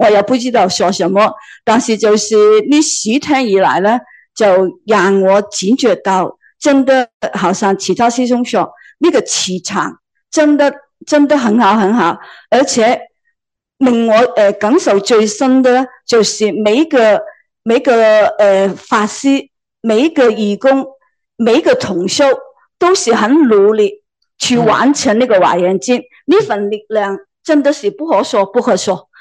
我又不知道說什麼，但是就是呢十天以來呢，就讓我感覺到真的好像其他師兄說呢、那個磁場，真的真的很好很好，而且令我呃感受最深的就是每一個每一個呃法師，每一個義工，每一個同修，都是很努力去完成呢個華人節，呢的份力量真的是不可說不可說。